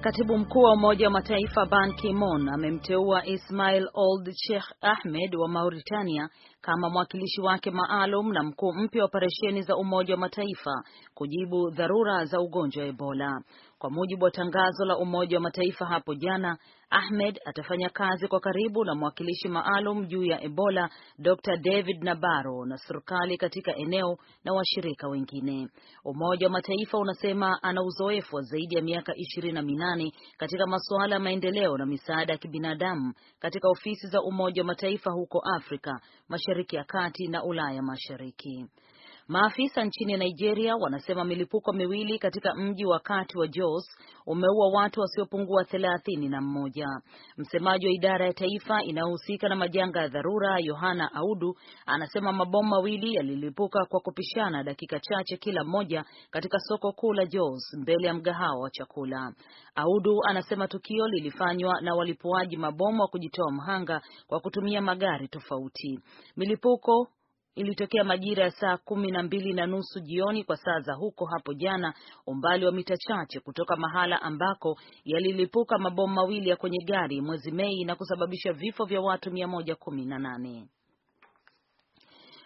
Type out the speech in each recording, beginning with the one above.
Katibu mkuu wa Umoja wa Mataifa Ban Ki-moon amemteua Ismail Old Sheikh Ahmed wa Mauritania kama mwakilishi wake maalum na mkuu mpya wa operesheni za Umoja wa Mataifa kujibu dharura za ugonjwa wa Ebola. Kwa mujibu wa tangazo la Umoja wa Mataifa hapo jana, Ahmed atafanya kazi kwa karibu na mwakilishi maalum juu ya Ebola Dr David Nabaro na serikali katika eneo na washirika wengine. Umoja wa Mataifa unasema ana uzoefu wa zaidi ya miaka ishirini na minane katika masuala ya maendeleo na misaada ya kibinadamu katika ofisi za Umoja wa Mataifa huko Afrika Mashariki ya Kati na Ulaya Mashariki. Maafisa nchini Nigeria wanasema milipuko miwili katika mji wa kati wa Jos umeua watu wasiopungua thelathini na mmoja. Msemaji wa idara ya taifa inayohusika na majanga ya dharura Yohana Audu anasema mabomu mawili yalilipuka kwa kupishana dakika chache kila mmoja katika soko kuu la Jos mbele ya mgahawa wa chakula. Audu anasema tukio lilifanywa na walipuaji mabomu wa kujitoa mhanga kwa kutumia magari tofauti. Milipuko ilitokea majira ya saa kumi na mbili na nusu jioni kwa saa za huko hapo jana, umbali wa mita chache kutoka mahala ambako yalilipuka mabomu mawili ya kwenye gari mwezi Mei na kusababisha vifo vya watu mia moja kumi na nane.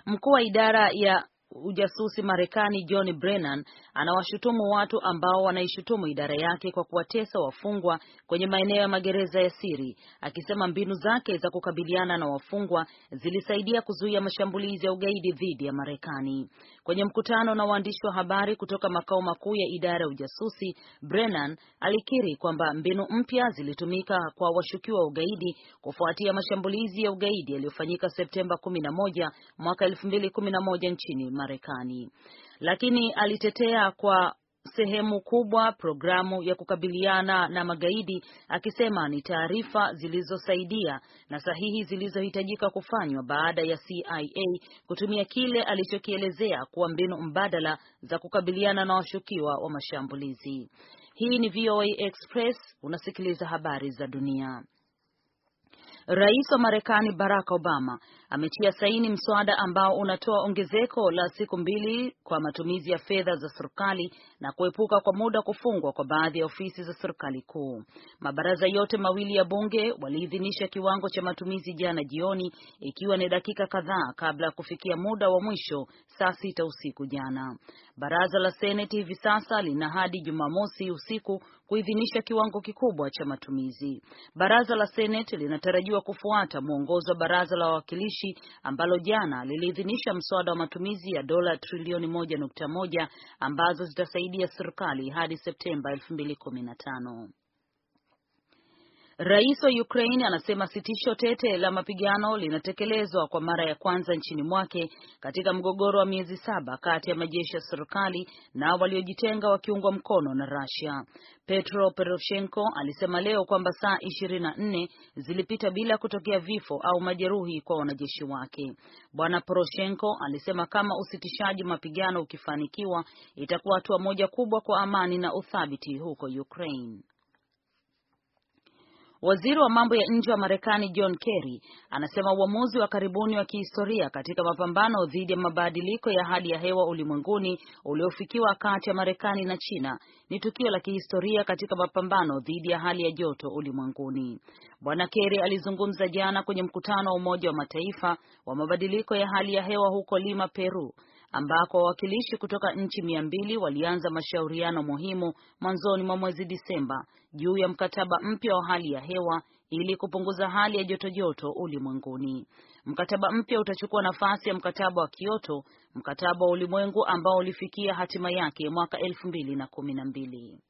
Mkuu wa idara ya ujasusi Marekani John Brennan anawashutumu watu ambao wanaishutumu idara yake kwa kuwatesa wafungwa kwenye maeneo ya magereza ya siri, akisema mbinu zake za kukabiliana na wafungwa zilisaidia kuzuia mashambulizi ya ugaidi dhidi ya Marekani. Kwenye mkutano na waandishi wa habari kutoka makao makuu ya idara ya ujasusi, Brennan alikiri kwamba mbinu mpya zilitumika kwa washukiwa wa ugaidi kufuatia mashambulizi ya ugaidi yaliyofanyika Septemba 11 mwaka 2011 nchini Marekani, lakini alitetea kwa sehemu kubwa programu ya kukabiliana na magaidi akisema ni taarifa zilizosaidia na sahihi zilizohitajika kufanywa baada ya CIA kutumia kile alichokielezea kuwa mbinu mbadala za kukabiliana na washukiwa wa mashambulizi. Hii ni VOA Express, unasikiliza habari za dunia. Rais wa Marekani Barack Obama ametia saini mswada ambao unatoa ongezeko la siku mbili kwa matumizi ya fedha za serikali na kuepuka kwa muda kufungwa kwa baadhi ya ofisi za serikali kuu. Mabaraza yote mawili ya bunge waliidhinisha kiwango cha matumizi jana jioni, ikiwa ni dakika kadhaa kabla ya kufikia muda wa mwisho saa sita usiku jana. Baraza la Seneti hivi sasa lina hadi Jumamosi usiku kuidhinisha kiwango kikubwa cha matumizi. Baraza la Seneti linatarajiwa kufuata mwongozo wa baraza la wawakilishi wawakilishi ambalo jana liliidhinisha mswada wa matumizi ya dola trilioni moja nukta moja ambazo zitasaidia serikali hadi Septemba 2015. Rais wa Ukraine anasema sitisho tete la mapigano linatekelezwa kwa mara ya kwanza nchini mwake katika mgogoro wa miezi saba kati ya majeshi ya serikali na waliojitenga wakiungwa mkono na Russia. Petro Poroshenko alisema leo kwamba saa 24 zilipita bila kutokea vifo au majeruhi kwa wanajeshi wake. Bwana Poroshenko alisema kama usitishaji mapigano ukifanikiwa, itakuwa hatua moja kubwa kwa amani na uthabiti huko Ukraine. Waziri wa mambo ya nje wa Marekani John Kerry anasema uamuzi wa karibuni wa kihistoria katika mapambano dhidi ya mabadiliko ya hali ya hewa ulimwenguni uliofikiwa kati ya Marekani na China ni tukio la kihistoria katika mapambano dhidi ya hali ya joto ulimwenguni. Bwana Kerry alizungumza jana kwenye mkutano wa Umoja wa Mataifa wa mabadiliko ya hali ya hewa huko Lima, Peru ambako wawakilishi kutoka nchi mia mbili walianza mashauriano muhimu mwanzoni mwa mwezi Disemba juu ya mkataba mpya wa hali ya hewa ili kupunguza hali ya joto joto ulimwenguni. Mkataba mpya utachukua nafasi ya mkataba wa Kyoto, mkataba wa ulimwengu ambao ulifikia hatima yake mwaka elfu mbili na kumi na mbili.